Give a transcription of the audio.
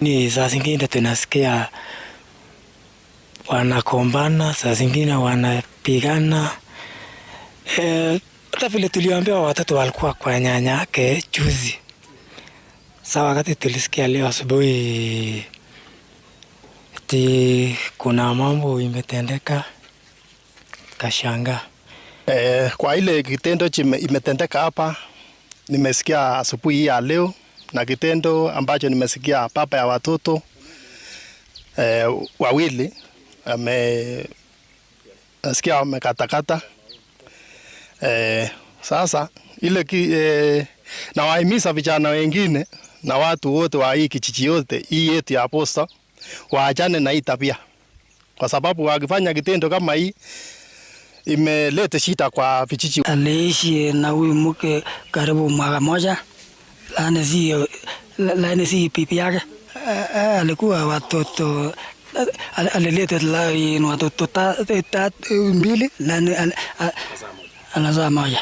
ni saa zingine tunasikia wanakombana, saa zingine wanapigana e, vile tuliambiwa watoto walikuwa kwa nyanya yake juzi. saa wakati tulisikia leo asubuhi ti kuna mambo imetendeka kashanga e, eh, kwa ile kitendo imetendeka hapa, nimesikia asubuhi hii ya leo na kitendo ambacho nimesikia papa ya watoto e, wawili amesikia wamekatakata e, sasa ile ki, eh, nawahimiza vijana wengine na watu wote wa hii kijiji yote hii yetu ya posta waachane na hii tabia, kwa sababu wakifanya kitendo kama hii imelete shida kwa vijiji. Aliishi na huyu mke karibu mwaka moja. Lainesi pipi yake alikuwa watoto alileta lain watoto mbili na anazaa moja